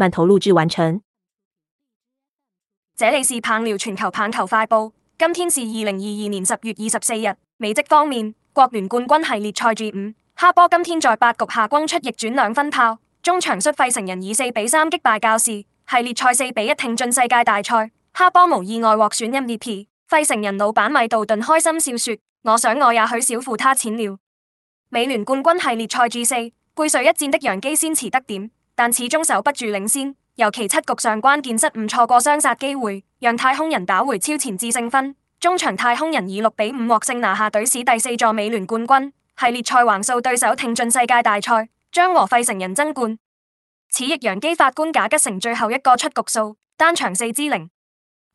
曼頭錄製完成。這裡是棒聊全球棒球快報。今天是二零二二年十月二十四日。美職方面，國聯冠軍系列賽 G 五，哈波今天在八局下轟出逆轉兩分炮，中場率費城人以四比三擊敗教士。系列賽四比一挺進世界大賽，哈波無意外獲選 MVP。費城人老闆米道頓開心笑說：我想我也許少付他錢了。美聯冠軍系列賽 G 四，背水一戰的揚基先馳得點。但始終守不住領先，尤其七局上關鍵失誤錯過雙殺機會，讓太空人打回超前致勝分。終場太空人以六比五獲勝，拿下隊史第四座美聯冠軍系列賽，橫掃對手挺進世界大賽，將和費城人爭冠。此役揚基法官賈吉成最後一個出局數，單場四之零。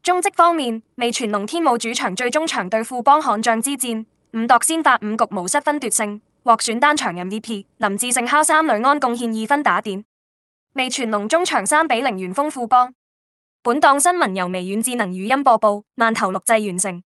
中職方面，未全龍天武主場最終場對富邦悍將之戰，五度先發五局無失分奪勝，獲選單場 MVP。林智勝敲三壘安，貢獻二分打點。味全龍終場三比零完封富邦，本檔新聞由微軟智能語音播報，饅頭錄製完成。